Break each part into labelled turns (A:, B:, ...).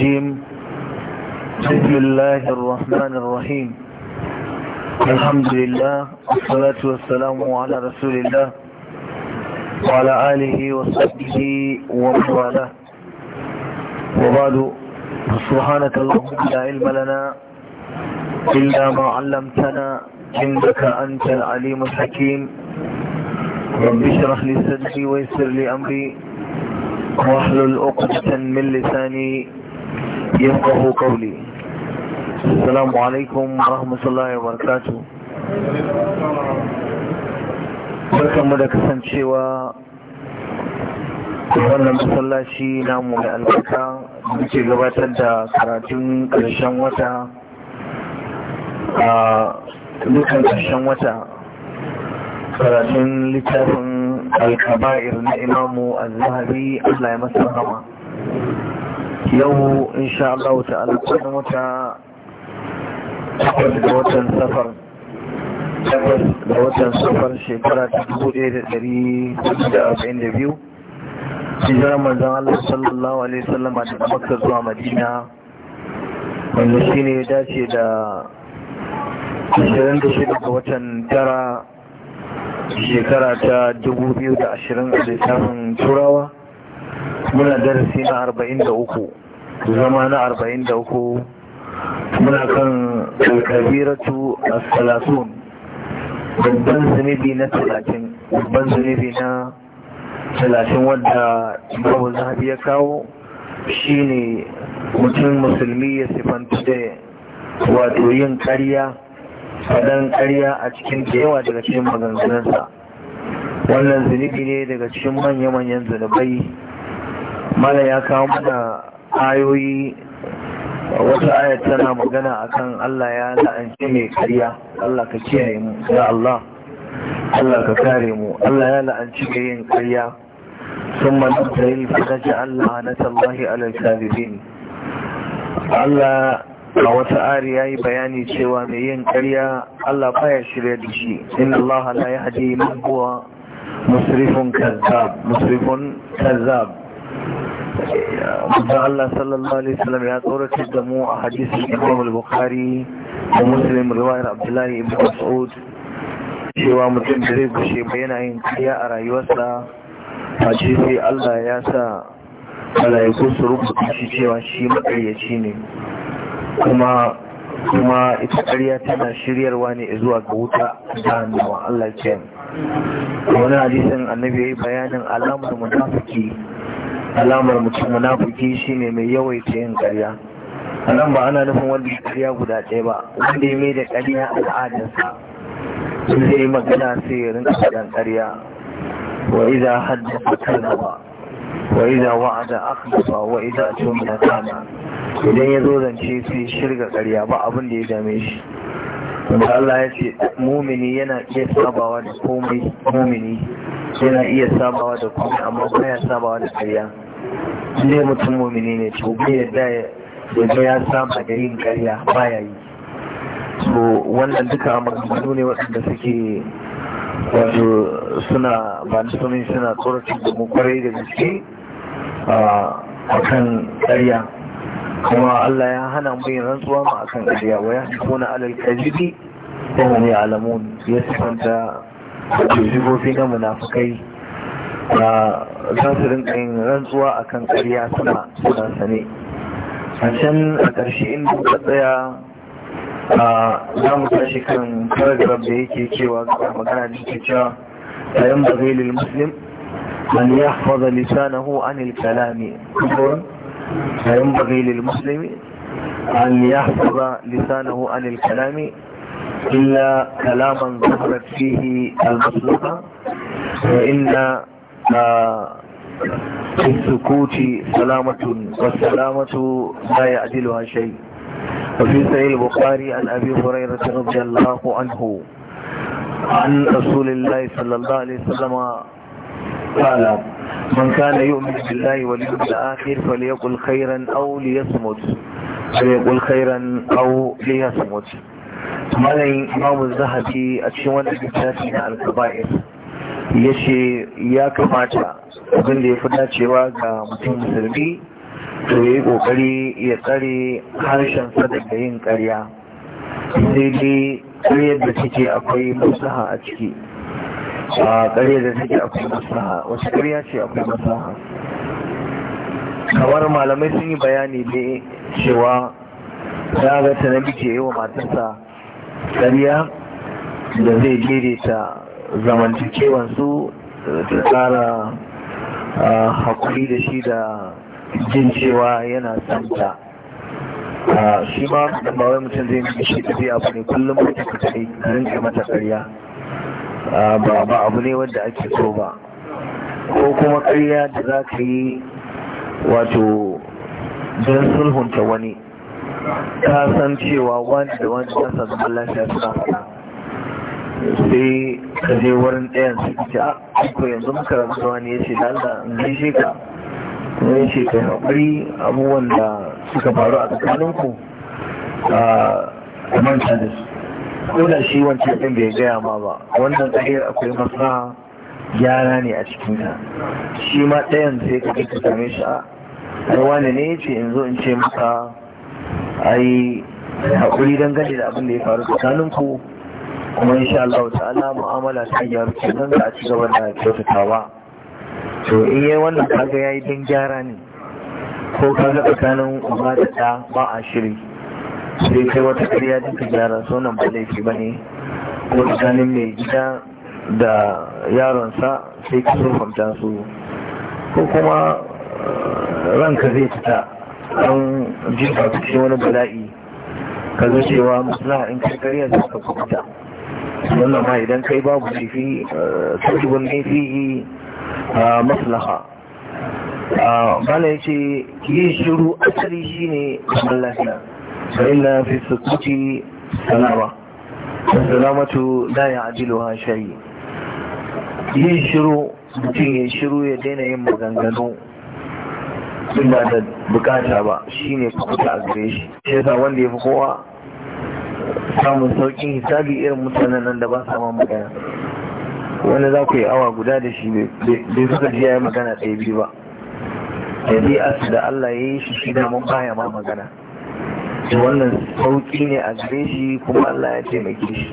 A: الرجيم بسم الله الرحمن الرحيم الحمد لله والصلاة والسلام على رسول الله وعلى آله وصحبه ومن والاه وبعد سبحانك اللهم لا علم لنا إلا ما علمتنا إنك أنت العليم الحكيم رب اشرح لي صدري ويسر لي أمري واحلل عقدة من لساني يفقه قولي السلام عليكم ورحمة الله وبركاته barkanmu da kasancewa wannan masallaci namu da albarka ke gabatar da karatun ƙarshen wata a dukkan ƙarshen wata karatun littafin irin na imamu al-zahabi allah ya masa rama yau insha Allah ta'ala wata takwas ga watan safar takwas watan safar shekara ta dubu ɗaya da ɗari da arba'in da biyu hijirar manzan Allah sallallahu alaihi wasallam a daga maka zuwa madina wanda shi ne ya dace da da 26 ga watan tara shekara ta dubu biyu da ashirin a littafin turawa muna darasi na arba'in da uku zama na arba'in da uku muna kan kabiratu a salatun babban zunubi na talatin babban zunubi na talatin wadda babu zahabi ya kawo shine mutum musulmi ya sifanta da wato yin karya faɗan karya a cikin da yawa daga cikin maganganunsa wannan zunubi ne daga cikin manya-manyan zunubai mala ya kawo mana ayoyi wata ayar tana magana akan Allah ya la'anci mai karya Allah ka kiyaye mu ya Allah Allah ka kare mu Allah ya la'anci mai yin karya sun manin da yi fadaji Allah na tallahi alal-sabibin Allah a wata ari ya yi bayani cewa mai yin karya Allah baya shirya da shi inna Allah la ya haɗe mabuwa musrifin kazzab musrifin kazzab manzon Allah sallallahu alaihi wasallam ya tsoratar da mu a hadisin Imam al-Bukhari da Muslim riwayar Abdullahi ibn Mas'ud cewa mutum da zai gushe ba yana yin kariya a rayuwarsa a cikin sai Allah ya sa malaiku su rubuta shi cewa shi makaryaci ne kuma kuma ita ƙarya tana shiryarwa ne zuwa ga wuta hannuwa Allah ke wani hadisin annabi ya yi bayanin alamun munafiki alamar mutum munafiki ne mai yawaita yin ƙarya a nan ba ana nufin wanda ya ƙarya guda ɗaya ba wanda ya mai da ƙarya al'adarsa sun zai magana sai ya rinka faɗan ƙarya wa iza haddasa kalmaba wa iza wa'ada akhlafa wa iza tumina kana idan ya zo zance sai shirga ƙarya ba abin da ya dame shi Allah ya ce mumini yana iya sabawa da komai mumini yana iya sabawa da komai amma baya sabawa da karya ne mutum mumini ne to bai yadda ya ya saba da yin karya baya yi so wannan duka a maganganu ne waɗanda suke wato suna ba na suna tsoratar da mu kwarai da gaske a kan karya kuma Allah ya hana mu yin rantsuwa ma akan ƙarya wa ya kuna alal kadhibi wa hum ya'lamun ya sifanta jigofi na munafukai da za su rinka yin rantsuwa akan ƙarya suna suna sane a can a ƙarshe inda ka tsaya a za mu tashi kan paragraf da yake cewa ga magana da yake cewa ta yan bazai lil muslim an yahfaza lisanahu anil kalami فينبغي للمسلم أن يحفظ لسانه عن الكلام إلا كلاما ظهرت فيه المصلحة وإن آه، في السكوت سلامة والسلامة لا يعدلها شيء وفي صحيح البخاري عن أبي هريرة رضي الله عنه عن رسول الله صلى الله عليه وسلم قال من كان يؤمن بالله واليوم الآخر فليقل خيرا أو ليصمت فليقل خيرا أو ليصمت مالي إمام الذهبي أتشوان الكتابين على الكبائر yace ya kamata abinda da ya fi dacewa ga mutum musulmi to ya yi kokari ya tsare harshensa daga yin karya sai dai yadda da take akwai maslaha a ciki a ƙarya da take akwai masaha, wasu ƙarya ce akwai masaha? kamar malamai sun yi bayani ne cewa ya ga ta namiji yi wa matarsa ƙarya da zai daidaita su da tsara haƙuri da shi da jin cewa yana santa shi ma ba bawai mutum zai yi shi tafiya abu ne kullum mutum ta yi rinka mata ƙarya ba ba abu ne wanda ake so ba ko kuma karya da za ka yi wato don sulhunta wani ka san cewa wani da wani ɗan zama lafiya suna faɗa sai ka je wurin ɗayan su ce a ah, ko yanzu muka rabu da wani ya ce da in gaishe ka kuma ya ce abubuwan da suka faru a tsakaninku a manta da koda shi wancan ɗin bai gaya ma ba wannan tsahir akwai maslaha gyara ne a cikin ka shi ma ɗayan sai ka ka same shi a ah, ai wani ne ce in zo in ce maka ai haƙuri gane da abin da ya faru tsakanin ku kuma insha Allah ta'ala mu'amala ta gyaru kenan za a ci gaba da kyautatawa to in yi wannan kaga yayi dan gyara ne ko kaga tsakanin uba da ɗa ba a shiri sai kai wata ƙarya ta gyara sunan ba laifi ba ne ko tsakanin mai gida da yaronsa sai ka surfanta su ko kuma eh, ranka zai fita don jin cikin wani bala'i ka zo cewa maslaha in kai ƙarya za ka kuta wannan ma idan kai babu laifi tajibun ne fi maslaha bala ah, ya ce yin shiru
B: asali
A: ne kamar lafiya فإن في السكوت سلامة السلامة لا يعجلها شيء ينشروا mutum ya shiru ya daina yin maganganu Ina da bukata ba shi ne kuta a gare shi shi yasa wanda ya fi kowa samun saukin hisabi irin mutanen nan da ba sa ma magana wani za ku yi awa guda da shi bai suka ji ya yi magana ɗaya biyu ba ya bi asu da Allah ya yi shi shi mun baya ma magana wannan sauƙi ne a gare shi kuma Allah ya taimake shi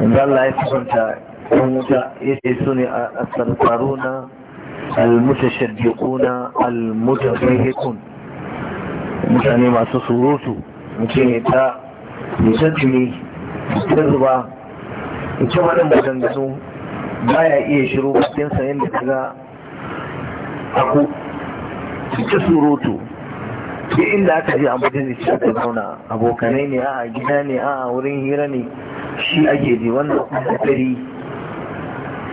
A: yanzu Allah ya kusanta ɗan wuta ya ce su ne a sarfaruna almutashaddiquna almutafahikun mutane masu surutu mutum ne ta musaddimi ta zuba ita wannan ba baya iya shiru cikin sayan da kaga aku ta surutu duk inda aka je an fitar da shi aka zauna abokanai ne a gida ne a wurin hira ne shi ake ji wannan kuma tsari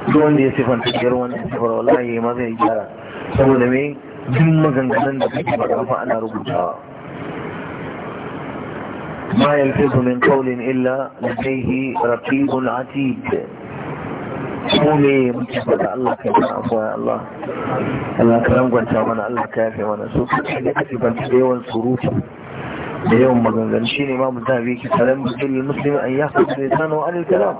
A: duk wanda ya sifanta biyar wannan sifar wallahi ma zai gyara saboda me duk maganganun da kake ba fa ana rubutawa ما يلفظ من قول إلا لديه رقيب عتيد ko me muke faɗa Allah ka yi abuwa Allah Allah ka rangwanta mana Allah ka yafe mana so kace da kace banta da yawan surutu da yawan maganganu shine ma mu zabe ki salam bil muslim an yahfaz lisanu an al-kalam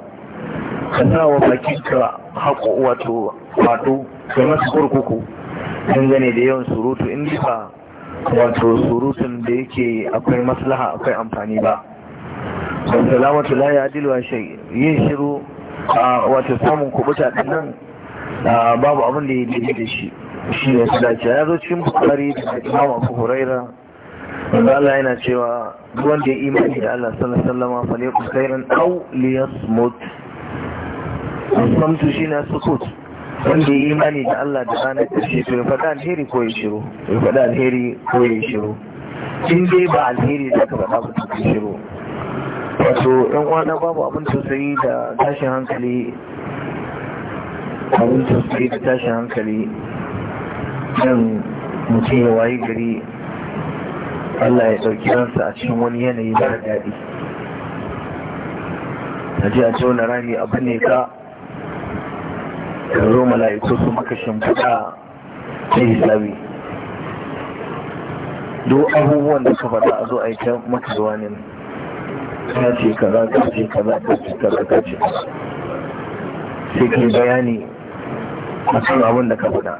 A: kana wa bakinka haƙo wato wato kai masa kurkuku dangane da yawan surutu in ba wato surutun da yake akwai maslaha akwai amfani ba. Wasu la ya adilu a yin shiru wata samun kubuta din nan babu abin da ya daidai da shi shi ne su dace ya zo cikin bukari da imam abu huraira wanda Allah yana cewa wanda ya imani da Allah sallallahu alaihi wasallam fa liyaku khairan aw liyasmut samtu shi na sukut wanda ya imani da Allah da ranar shi. to ya faɗa alheri ko ya shiru ya faɗa alheri ko ya shiru in dai ba alheri da ka faɗa ba ta shiru wato yan uwana babu abin sosai da tashin hankali abin sosai da tashin hankali nan mutum ya wayi gari Allah ya ɗauki ransa a cikin wani yanayi mara daɗi a ji a wani rami abin ne ka karo mala'iku su maka shimfiɗa hisabi duk abubuwan da suka faɗa a zo a yi maka zuwa ne ka ce kaza ka ce kaza ka ce kaza ka ce sai ke bayani a kan abin da ka faɗa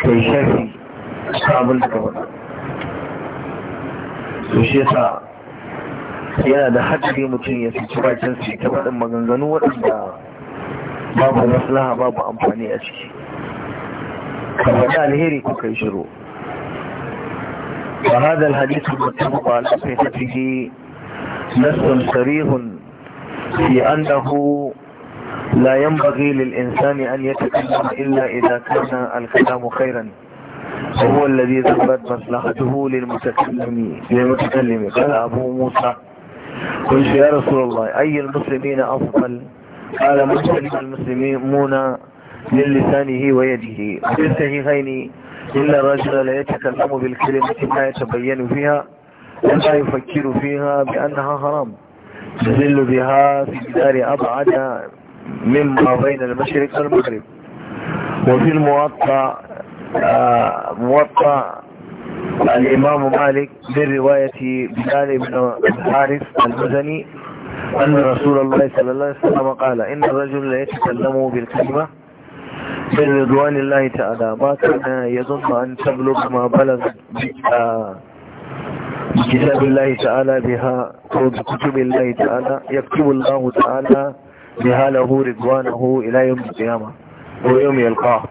A: kai shafi a abin da ka faɗa su shi sa yana da haɗari mutum ya fi bakin su ta faɗin maganganu waɗanda babu maslaha babu amfani a ciki ka faɗi alheri ko kai shiru وهذا الحديث المتفق على صحته نص صريح في أنه لا ينبغي للإنسان أن يتكلم إلا إذا كان الكلام خيرا وهو الذي ذكرت مصلحته للمتكلم للمتكلم قال أبو موسى قلت يا رسول الله أي المسلمين أفضل قال مسلم المسلمون من لسانه ويده وفي الصحيحين إن الرجل لا يتكلم بالكلمة ما يتبين فيها ولا يفكر فيها بأنها حرام يذل بها في الدار أبعد مما بين المشرق والمغرب وفي الموطأ آه، موطأ الإمام مالك من رواية بلال بن الحارث المزني أن رسول الله صلى الله عليه وسلم قال إن الرجل لا يتكلم بالكلمة من رضوان الله تعالى ما كان يظن أن تبلغ ما بلغ بكتاب الله تعالى بها وبكتب الله تعالى يكتب الله تعالى بها له رضوانه إلى يوم القيامة ويوم يلقاه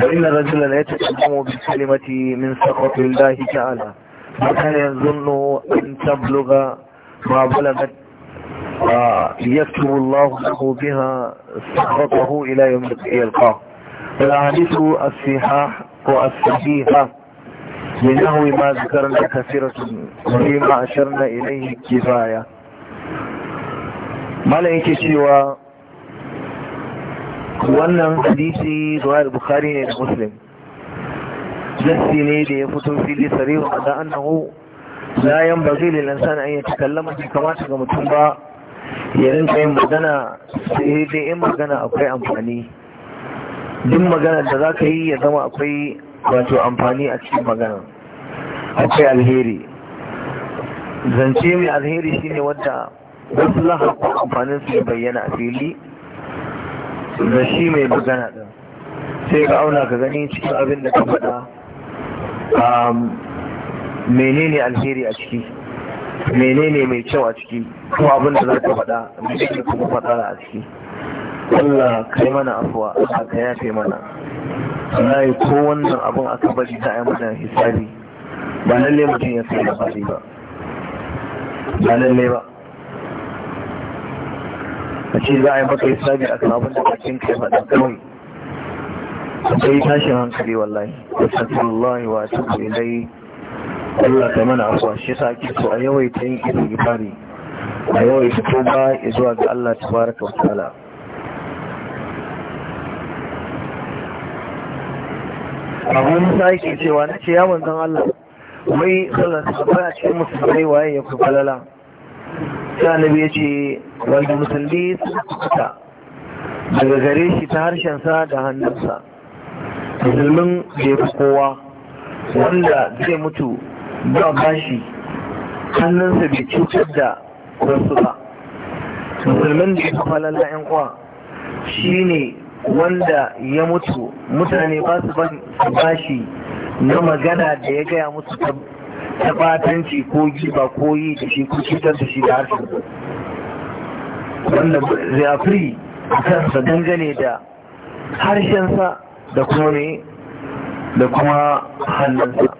A: فإن رجلا يتكلم بالكلمة من سخط الله تعالى وكان يظن أن تبلغ ما بلغت آه، يكتب الله له بها سخطه إلى يوم يلقاه الأحاديث الصحاح والصحيحة لنحو ما ذكرنا كثيرة مما أشرنا إليه كفاية ملائكة سوى wannan hadisi zuwa bukhari ne da muslim nassi ne da ya fito fili sarihu da ba zai yanbaghi lil insani an yatakallama bi kamata ga mutum ba ya rinka magana sai dai in magana akwai amfani duk magana da za ka yi ya zama akwai wato amfani a cikin magana akwai alheri zance mai alheri shine wadda wasu lahakon amfanin su bayyana a fili
B: da shi mai magana
A: ɗin sai ka auna ka gani cikin abin da ka faɗa um, menene alheri a ciki menene mai kyau a ciki ko abin da za ka faɗa menene kuma faɗa a ciki Allah kai mana afuwa a ka yafe mana ya ko wannan abun aka bari za a yi mana hisabi ba lalle mutum ya kai da ba ba lalle ba a ce za a yi maka hisabi a kan abin da bakin kai faɗa kawai sai tashin hankali wallahi sallallahu wa atubu ilai Allah kai mana afuwa shi yasa ake so a yawaita yin istighfari a yawaita tuba zuwa ga Allah tabaraka wa ta'ala abu musa yake cewa na ce ya manzan Allah wai sallasa ba a cikin musulmai waye ya fi falala sai annabi ya ce wanda musulmi su kuka daga gare shi ta harshen sa da hannunsa musulmin da ya fi kowa
B: wanda zai
A: mutu ba bashi hannunsa bai cutar da wasu ba musulmin da ya fi falala yan shi ne. wanda ya mutu mutane ba su bashi na magana da ya gaya musu ta batanci ko giba ko yi da shi ko cutar da shi da harshen wanda zafiri a kansa dangane da harshensa da kuma ne da kuma hannunsa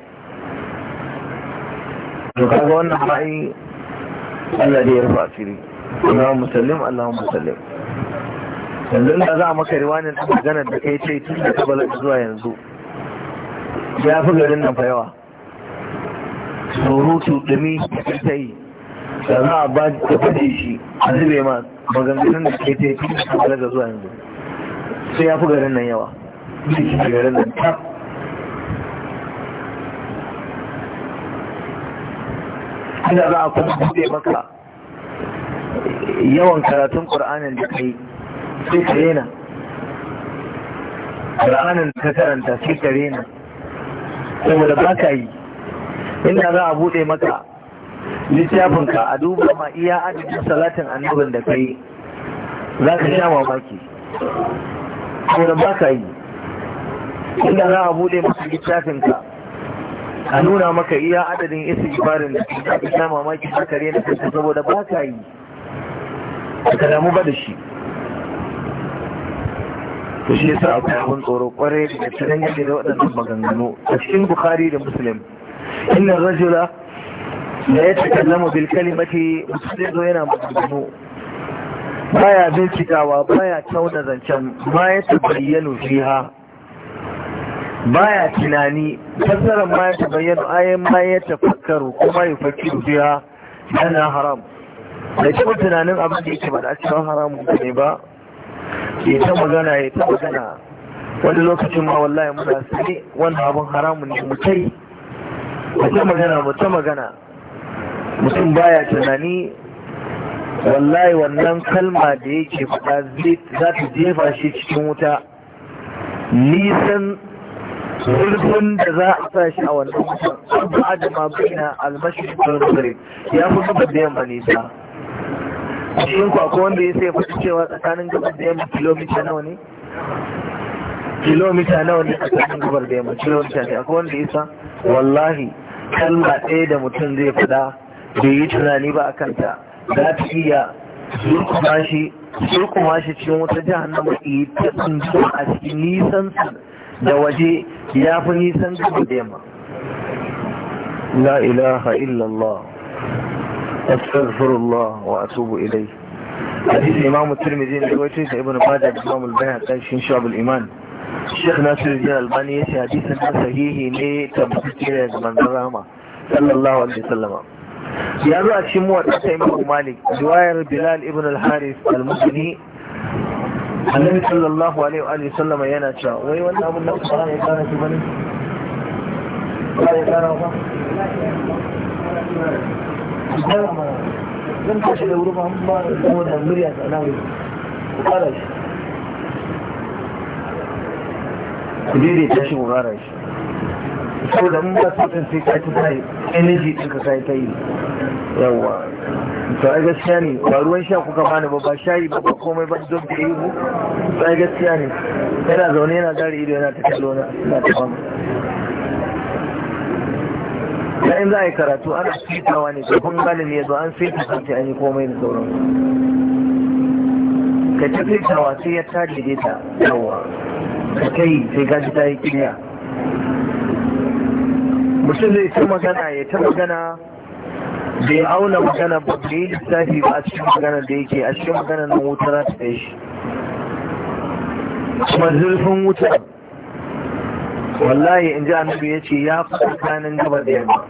A: to kaga wannan ma'ai Allah da ya rufa asiri Allahumma sallim Allahumma sallim yanzu da za a maka riwanin ta maganar da kai ce tun da kabala zuwa yanzu ya fi garin nan fa yawa da dumi ta yi da za a ba ta faɗi shi a zube ma maganganun da kai ce tun da kabala zuwa yanzu sai ya fi garin nan yawa garin nan ta Ina za a kuma buɗe maka yawan karatun ƙur'anin da kai sai ka rena ƙur'anin ta karanta sai ka rena da ba ka yi inda za a buɗe maka littafinka a duba ma iya adadin salatin annabin da ka yi za ka sha mamaki da ba ka yi inda za a buɗe maka littafinka a nuna maka iya adadin istighfarin da ka sha mamaki za ka rena saboda ba ka yi ka damu ba da shi to shi yasa akwai abin tsoro kwarai da tsirin yake da waɗannan maganganu a cikin bukhari da muslim inna rajula la yatakallamu bil kalimati muslim zo yana maganganu baya bincikawa baya tauna zancen ma ya tabayyanu fiha baya tunani fassarar ma ya tabayyanu ayan ma ya tafakkaru kuma ya fakiru fiha yana haram da kuma tunanin abin da yake ba da cikin haramun ne ba ya ta magana ya ta magana wani lokacin ma wallahi muna sani wannan abin haramun ne mu kai mu ta magana mu ta magana mutum baya tunani wallahi wannan kalma da yake faɗa za ta jefa shi cikin wuta
B: nisan
A: zurfin da za a sa shi a wannan wutan ba da ma bai na almashin ya fi zuba da yamma nisa cikin ku akwai wanda ya sai fata cewa tsakanin gabar da yamma kilomita nawa ne kilomita nawa ne tsakanin gabar da yamma kilomita ne akwai wanda ya sa, wallahi kalma ɗaya da mutum zai fada bai yi tunani ba a kanta za ta iya surkuma shi surkuma shi cikin wata jahannama yi ta tsundum a cikin nisan da waje ya fi nisan gabar da yamma la ilaha illallah أستغفر الله وأتوب إليه حديث الإمام الترمذي روايته ابن ماجه الإمام البيهقي في شعب الإيمان الشيخ ناصر الدين الألباني حديث صحيح ne tabbatar da manzon rahama sallallahu alaihi wasallam ya zo a cikin muwatta ta Imam Malik riwayar Bilal ibn al-Harith al-Muzani Annabi sallallahu alaihi wa sallam yana cewa wai wannan abun da Qur'ani ya fara zan tashi da wuri ba ba da wannan murya da ku fara shi ku dire ta shi ku fara shi saboda mun ba sautin sai ka ci sai energy din ka sai ta yi yawa to ai gaskiya ne ba ruwan sha kuka bani ba ba shayi ba ba komai ba don da yi ai gaskiya ne yana zaune yana gare ido yana ta kallo na ta fama da in za a yi karatu ana fitawa ne kun galibi ya zo an fita kanci an yi komai da sauran ka ta fitawa sai ya ta daidaita yawa ka kai sai gaji ta yi kiriya mutum zai ta magana ya ta magana bai auna magana ba bai yi lissafi ba a cikin magana da yake a cikin magana na wuta za ta kai shi kuma zurfin wuta wallahi in ji annabi ya ce ya fi tsakanin gaba da yamma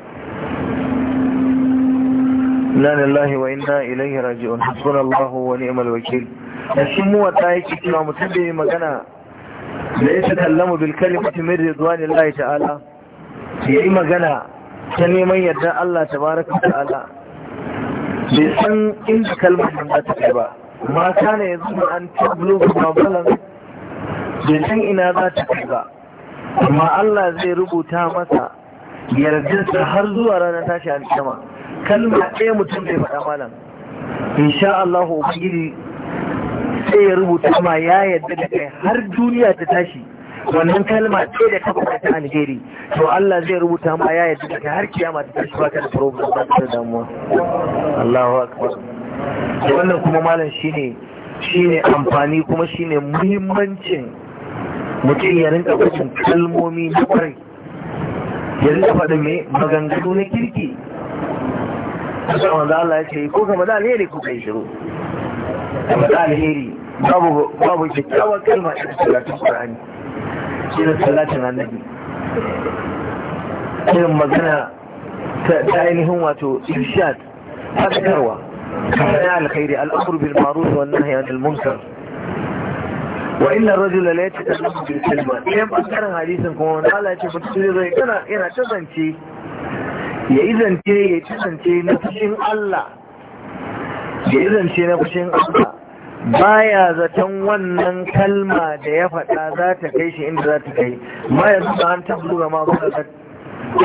A: inna lillahi wa inna ilaihi raji'un hasbunallahu wa ni'mal wakil shi mu wata yake cewa mutum da magana da ya takallamu bil zuwa min ridwanillahi ta'ala yi magana ta neman yadda Allah ta baraka ta'ala bai san inda kalmar nan za ta kai ba mata ne ya yanzu an tablo ba balan bai san ina za ta kai ba kuma Allah zai rubuta masa yardarsa har zuwa ranar tashi alkiyama kalma ɗaya mutum zai faɗa malam insha Allah ubangiji sai ya rubuta ma ya yadda da kai har duniya ta tashi wannan kalma ɗaya da ka faɗa ta alheri to Allah zai rubuta ma ya yadda da kai har kiyama ta tashi ba da problem ba da damuwa Allahu akbar wannan kuma malam shine shine amfani kuma shine muhimmancin mutum ya rinka faɗin kalmomi na kwarai ya rinka faɗin mai maganganu na kirki A kusa wanda Allah ya ce ko kama da alheri ko kai shiru kama da alheri babu babu kyakkyawar kalma a cikin talatin Qur'ani shi na talatin annabi irin magana ta ainihin wato irshad fasakarwa kamar ya alkhairi al'amru bil ma'ruf wannan nahyi anil wa inna rajula la yatakallamu bil kalima ɗayan bangaren hadisin kuma wani Allah ya ce fa tsiri zai kana yana ta ya yi zance ya yi na fushin Allah ya yi zance na fushin Allah baya zaton wannan kalma da ya faɗa za ta kai shi inda za ta kai ma ya da an tabbura ma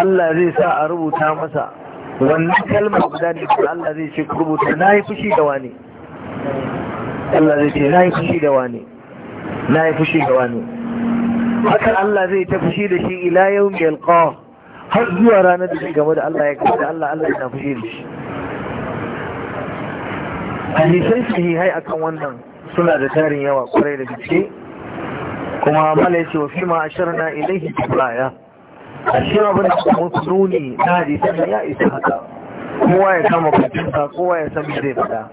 A: Allah zai sa a rubuta masa wannan kalma guda ne Allah zai ce rubuta na fushi da wani Allah zai ce na yi fushi da wani na yi fushi ga wani haka Allah zai ta fushi da shi ila yau mai alƙawa har zuwa ranar da shi game da Allah ya kai da Allah Allah yana fushi da shi hadisai sahihai akan wannan suna da tarin yawa kwarai da gaske kuma mala ya ce wa fi ma asharna ilaihi baya a shi abin da kuma nuni na hadisan ya isa haka kowa ya kama kwacinsa kowa ya san zai fada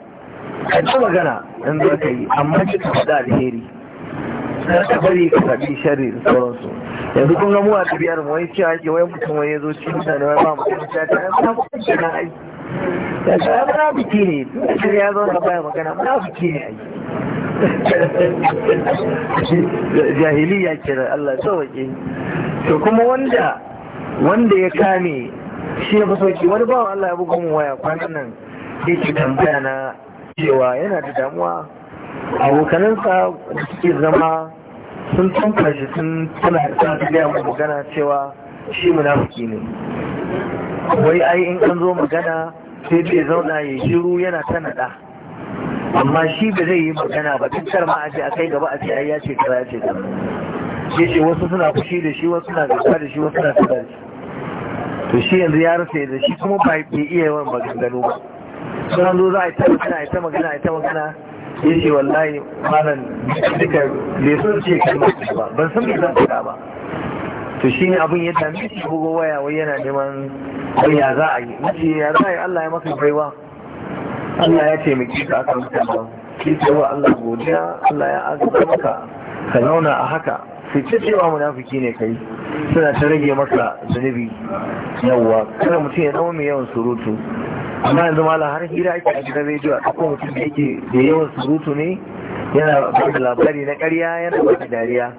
A: ka ci magana in za ka yi amma ki ka faɗa alheri ka bari ka faɗi shari da sauransu yanzu kun ga mu a tafiyar mu wai cewa ake wai mutum wai ya zo cikin mutane wai ba mutum ta ta ya ba kuɗi na ai ya ta ya ba biki ne tun ya zo da baya magana ba biki ne ai jahiliya da Allah sauke to kuma wanda wanda ya kame shi ya fi sauki wani bawan Allah ya buga mu waya kwanan nan yake tambaya na cewa yana da damuwa abokanansa da suke zama sun tunka shi sun tana sa ta magana cewa shi munafiki ne wai ai in an zo magana sai bai zauna ya shiru yana ta naɗa amma shi ba zai yi magana ba duk ma a ce a kai gaba a ce ai ya ce kaza ya ce ta. ya ce wasu suna fushi da shi wasu suna gaba da shi wasu suna kaza da shi to shi yanzu ya rasa da shi kuma ba iya yawan maganganu ba sun zo za a yi ta magana a yi ta magana a yi ta magana ya ce wallahi malam duka bai so ce kalmar ba ban san bai zan ba to shi ne abin ya dame shi bugo waya wai yana neman ya za a yi mace ya za a yi Allah ya maka baiwa Allah ya taimaki ka mutum mutanen ki wa Allah godiya Allah ya azaba maka ka zauna a haka sai ce cewa munafiki ne kai suna ta rage maka zunubi yawwa kada mutum ya zama mai yawan surutu amma yanzu ma har hira ake a gidan rediyo a kuma mutum da yake da yawan surutu ne yana ba da labari na karya yana ba da dariya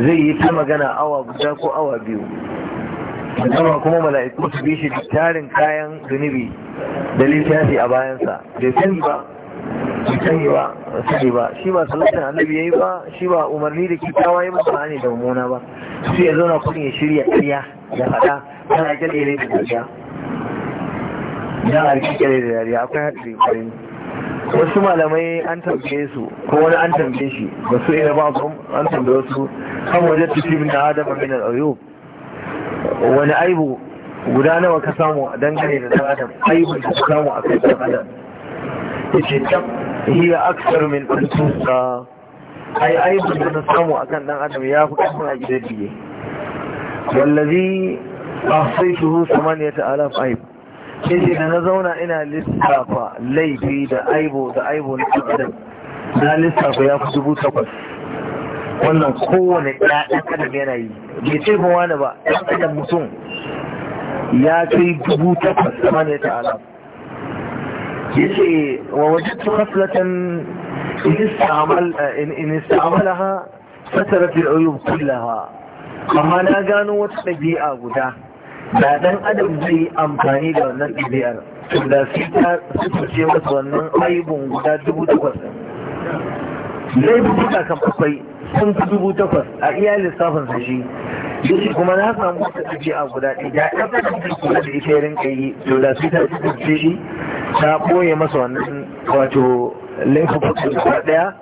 A: zai yi ta magana awa guda ko awa biyu musamman kuma mala'iku su bi shi tarin kayan zunubi da littafi a bayansa bai sani ba bai sani ba sani ba shi ba salatin annabi yayi ba shi ba umarni da kitawa ya masu ne da mummuna ba sai ya zauna kudin ya shirya ƙarya da faɗa kana jalele da gaskiya na alƙiƙare da dariya akwai haɗari ƙwarai wasu malamai an tambaye su ko wani an tambaye shi ba su ina ba an tambaye su kan wajen tafi min adama min al'ayyub wani aibu guda nawa ka samu a dangane da dan adam aibun da ka samu a kai dan adam yace tab hiya akthar min antusa ai aibun da na samu akan dan adam ya fi karfin a gidan diye wallazi ahsaytuhu 8000 aib yace da na zauna ina lissafa laifi da aibo da aibo na adam na lissafa ya fi dubu takwas wannan kowane ɗaɗan adam yana yi bai ce ba wani ba ɗan adam mutum ya kai dubu takwas sama ne ta'ala ce wa wajen tukaslatan in istamalaha fasarar fil'ayyub kullaha amma na gano wata ɗabi'a guda da dan adam zai yi amfani da wannan ɗabi'ar da su ta ce masu wannan aibun guda dubu takwas zai fi duka kan kufai sun fi dubu takwas a iya lissafin sa shi yake kuma na samu wata ɗabi'a guda ɗaya da ya fi da kula da ita yarin kai to da su ta ce shi ta ɓoye masa wannan wato laifin guda ɗaya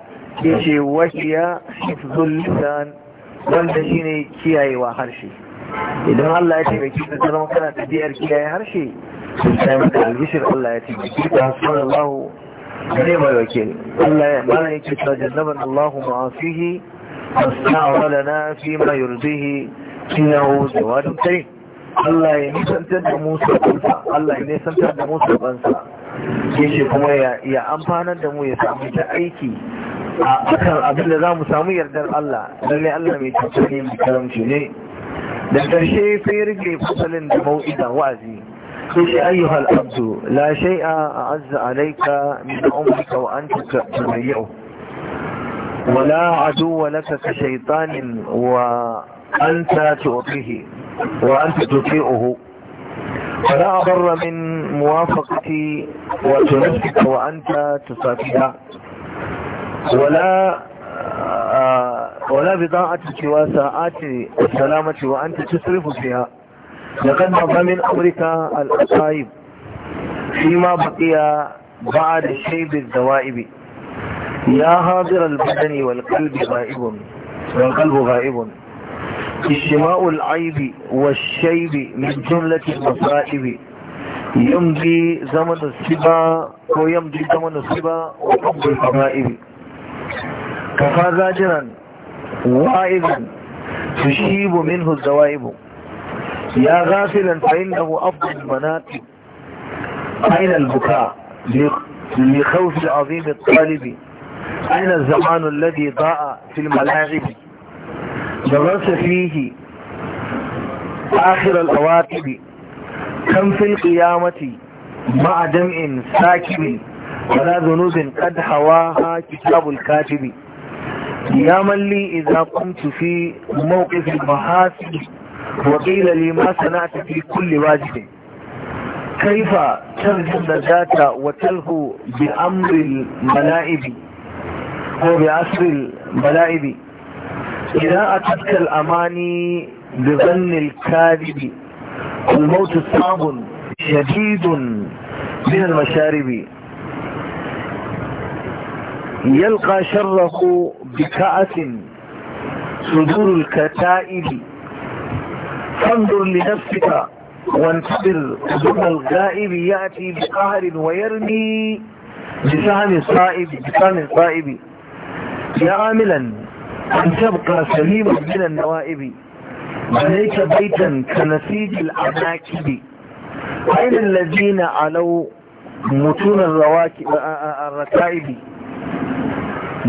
A: ya ce wahiya hifzul lisan wanda ne kiyayewa harshe idan Allah ya taimaki ka zama kana tafiyar kiyaye harshe sai mata algishir Allah ya taimaki ka sallallahu alaihi mai wakil Allah ya bana yake ta jannaban Allahu ma'asihi wasta'ara lana fi ma yurdihi innahu jawadun karim Allah ya nisantar da Musa kansa Allah ya nisantar da Musa kansa shi kuma ya amfanar da mu ya samu ta aiki a kan abin da za mu samu yardar Allah lalle Allah mai tattare mu karamci ne لا شيء في رجلي فصل موئدا وازي قل ايها الابد لا شيء اعز عليك من امك وانت تضيعه ولا عدو لك كشيطان وانت تعطيه وانت تطيعه ولا اضر من موافقتي وتنفك وانت تصافيها ولا ولا بضاعتك وساعات السلامة وأنت تسرف فيها
B: لقد مضى من أمرك
A: الأصائب فيما بقي بعد شيب الذوائب يا حاضر البدن والقلب غائب والقلب غائب اجتماع العيب والشيب من جملة المصائب يمضي زمن السبا ويمضي زمن السبا وقبل الحبائب kafa zajiran wa’ibin su shibu min huzza wa’ibu ya zafilin fahim da ku abin manati ainihin buka mai kawfi a zimin talibi ainihin zamanin lade ba a filmalaribi da rasa fihi akhir al’awatibi kan fil kiyamati ma’adam’in sakibi wala zunubin kad hawa ha kitabul katibi قياما لي إذا قمت في موقف المحاسن وقيل لي ما صنعت في كل واجب كيف ترجم ذات وتلهو بأمر الملائب وبعصر الملائب إذا أتتك الأماني بظن الكاذب الموت صعب شديد من المشارب يلقى شره بكاءة صدور الكتائب فانظر لنفسك وانتظر قدوم الغائب يأتي بقهر ويرمي
B: بسهم صائب
A: بسهم صائب يا عاملا أن تبقى سليما من النوائب بنيت بيتا كنسيج الأناكب أين الذين علوا متون آه، آه، آه، الركائب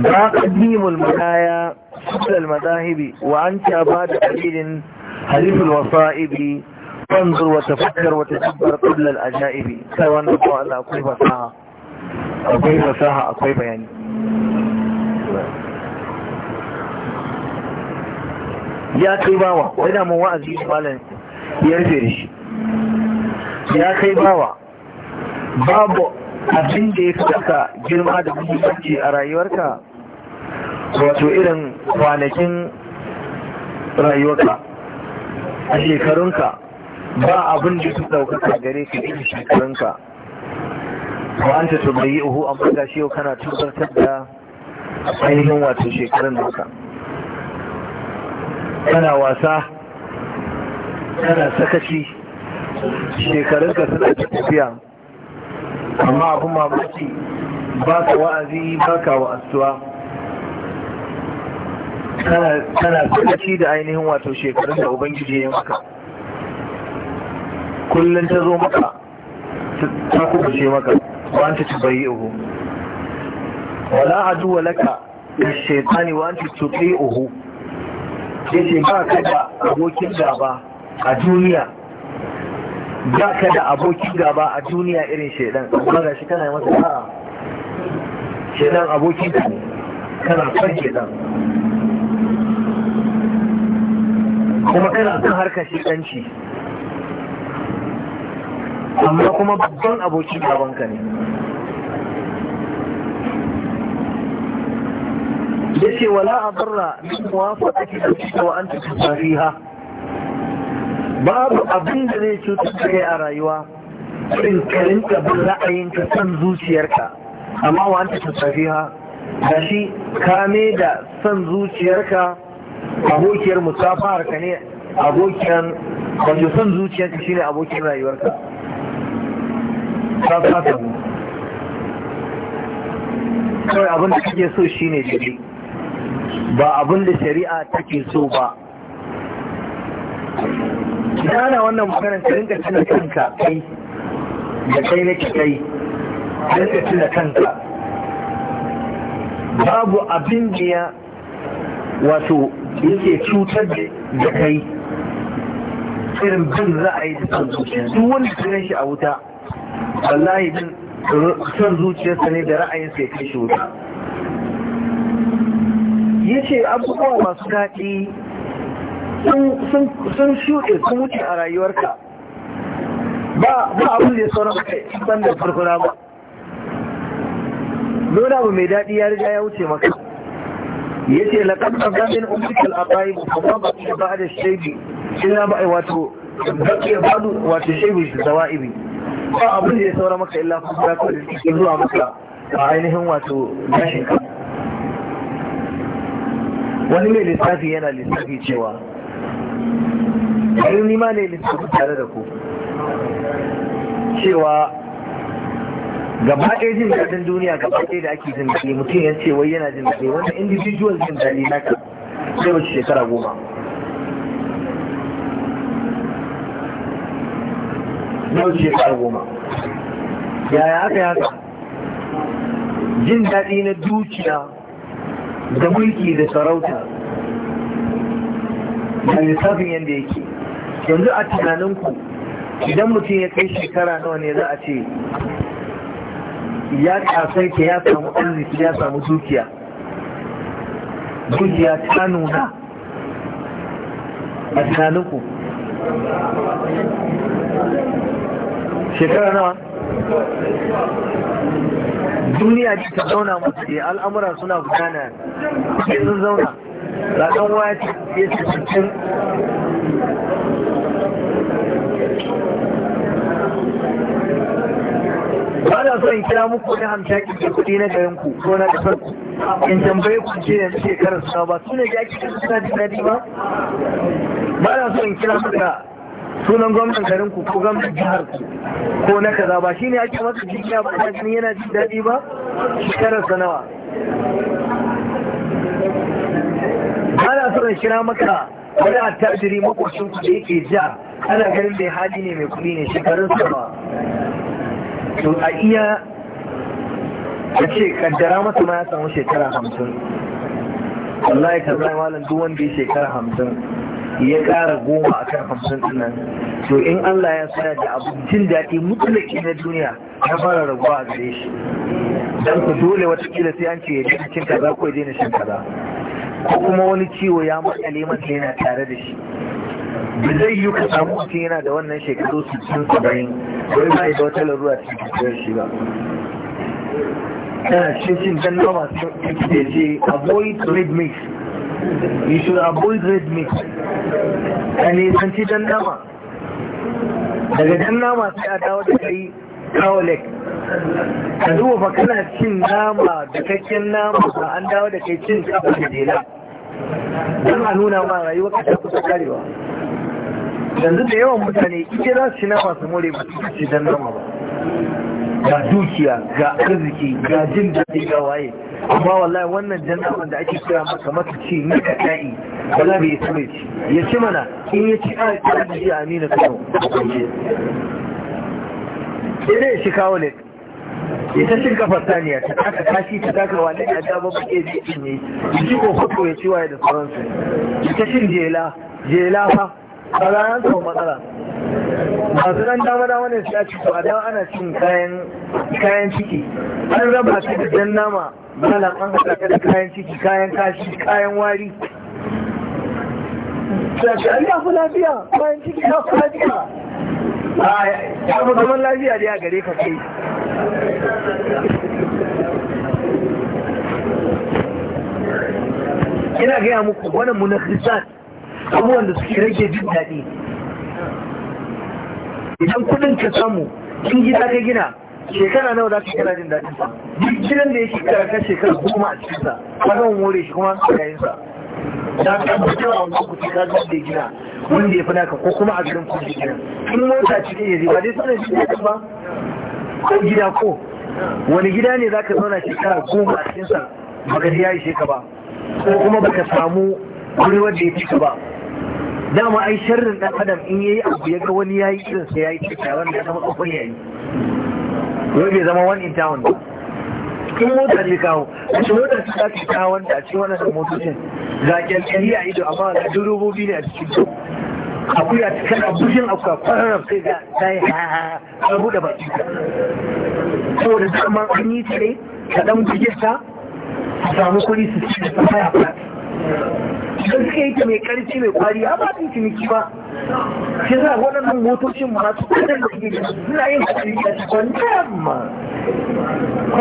A: ba qaddimul madaya sulal madahibi wa anta ba da qalilin haliful wasaibi فانظر وتفكر وتدبر قبل العجائب سواء نقوى على أقوي فساها akwai fasaha, akwai bayani. ya kai bawa wadda mun wa'azi malam ya rufe shi ya kai bawa babu abin da ya ka girma da muhimmanci a rayuwarka wato irin kwanakin rayuwarka a shekarunka ba abin da su ɗaukaka gare ka irin shekarunka ba an ta tubayi uhu an fata shi yau kana tubartar da ainihin wato shekarun naka kana wasa kana sakaci shekarunka suna tafiya amma abin mamaki ba ka wa'azi ba ka wa'astuwa tana tsarki da ainihin wato shekarun da ubangiji ya maka kullum ta zo maka ta kubuce maka ba ta ci bayi uhu wala aduwa laka da shekani wa ta tuɓe uhu
B: ya ce ba ka da
A: abokin gaba a duniya ba ka da abokin gaba a duniya irin shaidan amma ga shi kana masa da'a shaidan abokin ka ne kana son shaidan kuma kana son harkar shaidanci amma kuma babban abokin gaban ka ne yace wala adarra min muwafaqati al-kitab wa anta tafiha babu abin da zai cutar da a rayuwa in karinka bin ra'ayinka son zuciyarka amma wa tafi ha da shi kame da son zuciyarka abokiyar musafahar ka ne abokiyar wajen son zuciyarka shi ne abokin rayuwarka
B: ta fata mu
A: kawai abin da kake so shi ne shiri ba abin da shari'a take so ba idan wannan maganar ka rinka tuna kanka kai da kai nake kai ka rinka tuna kanka babu abin da ya wato yake cutar da kai irin bin ra'ayi da son zuciya duk wanda tunan shi a wuta wallahi bin son zuciyarsa ne da ra'ayinsa ya kai shi wuta ya ce abubuwa masu daɗi sun shuɗe sun wuce a rayuwarka ba abin da ya sauran kai ban da farkuna ba nuna abu mai daɗi ya riga ya wuce maka ya ce laƙar ƙazamin umarikal a bayi kuma ba su ba da shaibi ina ba a wato baƙi ba da wato shaibi su zawa ibi ba abin da ya saura maka illa kuma ba kawai da zuwa maka a ainihin wato gashin ka wani mai lissafi yana lissafi cewa bari ni ma ne littafi tare da ku cewa gabaɗe jin daɗin duniya gabaɗe da ake jin daɗi mutum ya ce wai yana jin daɗi wanda individual jin daɗi ka sai wace shekara goma na wace shekara goma yaya aka yi haka jin daɗi na dukiya da mulki da sarauta da lissafin yadda yake yanzu a tunaninku idan mutum ya kai shekara nawa ne za a ce ya ke ya samu arziki ya samu dukiya dukiya ta nuna a tunaninku shekara nawa duniya ce ta zauna masu ne al'amura suna gudana sai sun zauna ba ɗan waya ce ya su cikin ba na so in kira muku wani hamshaki da kuɗi na garin ku ko na ƙasar ku in tambaye ku ce yanzu shekarar suna ba su ne da ake kasa suna daɗi ba ba na so in kira muku sunan gwamnan garin ku ko gwamnan jihar ku ko na kaza ba shine ake masa jinya ba ta gani yana jin daɗi ba shekarar sanawa ana so in kira maka wani attajiri makwashin ku da yake ja ana ganin bai hali ne mai kuɗi ne shekarun sanawa to a iya a ce kaddara masa ma ya samu shekara hamsin wallahi ka zai malam duk wanda ya shekara hamsin ya ƙara goma a kan hamsin dinnan to in Allah ya sa da abincin da ake mutulaki na duniya ya fara raguwa a gare shi don ku dole watakila sai an ce ya daina cin kaza ko ya daina shan kaza ko kuma wani ciwo ya matsale masa yana tare da shi da zai yi ka samu mutum yana da wannan shekaru cin saba'in wai ba da wata larura cikin kusurar shi ba yana cikin dan nama sun ce avoid red mix you should avoid red meat And it's dan nama daga dan sai a dawo da kai kawalek ka duba fa kana cin nama da kakken nama ba an dawo da kai cin kafa da dela don a nuna ma rayuwa ka ta kusa karewa yanzu da yawan mutane ike za su ci nama su more ba su ci dan ba ga dukiya ga arziki ga jin daɗi ga waye amma wallahi wannan janna da ake koya maka mata ce ni ka da'i wala bai isa mai ci ya ci mana in ya ci a ta ji amina kano sai dai ya shi kawo ne ita cin kafa saniya ta taka kashi ta taka wani a dama ba ke ji ne ya ji ko ya ci waye da sauransu ita cin jela jela fa ba za a samu matsala masu nan dama dama ne sai a ci a dan ana cin kayan ciki an raba shi da jan nama malam an haɗa da kayan ciki kayan kashi kayan wari shari'a ku lafiya kayan ciki ya ku lafiya ya mu zaman lafiya dai a gare ka kai ina gaya muku wannan munafisat abubuwan da suke rage jin daɗi idan kudin ka samu in gida ka gina shekara nawa za ka gina jin daɗin sa duk gidan da yake karakar shekara goma a cikinsa ka zama more shi kuma a yayin sa da ka tabbatar a wani kuɗi ka zama da gina wanda ya fi naka ko kuma a gidan kuɗi gina in mota cikin ya ba dai sanar shi ne ba ko gida ko wani gida ne za ka zauna shekara goma a cikinsa ba ka ya ishe ka ba ko kuma ba ka samu wani wanda ya fi ka ba dama ai sharrin dan adam in yayi abu ya ga wani yayi din sai yayi tsaka wanda ya zama kofar yayi yau bai zama wani in town ba cikin mota ne kawo a cikin motar su za ka kawo wanda a cikin wannan motocin ga kyalkyali a ido amma ga durobobi ne a cikin su akwai a cikin abushin akwai kwararar sai ga ta yi ha ha bude baki da Kuma an yi tsaye ka dan buge ta a samu kuɗi su ci da ta faya da suka yi ta mai karfi mai kwari a ba su ciniki ba shi za waɗannan motocin masu kanan da suke suna yin hatsari a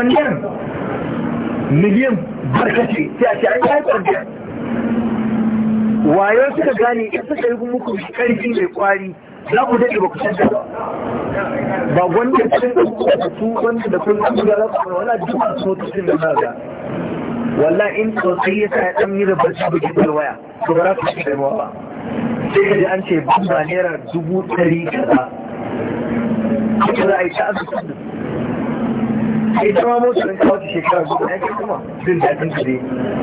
A: cikin miliyan barkace sai a ce an yi kwandam wayo suka gane in suka yi muku karfi mai kwari za ku daɗe ba ku san ba ba wanda sun da su wanda da kun san da za ku wala duk motocin da ga walla in sosai ya sa ya dan yi da barci bukin waya, to ba za ka shi kaimawa ba sai ka ji an ce ban ba naira dubu ɗari kaza haka za a yi ta azurfin da sai ta ma motar in kawo shekara guda ya ke kuma jin daɗin su ne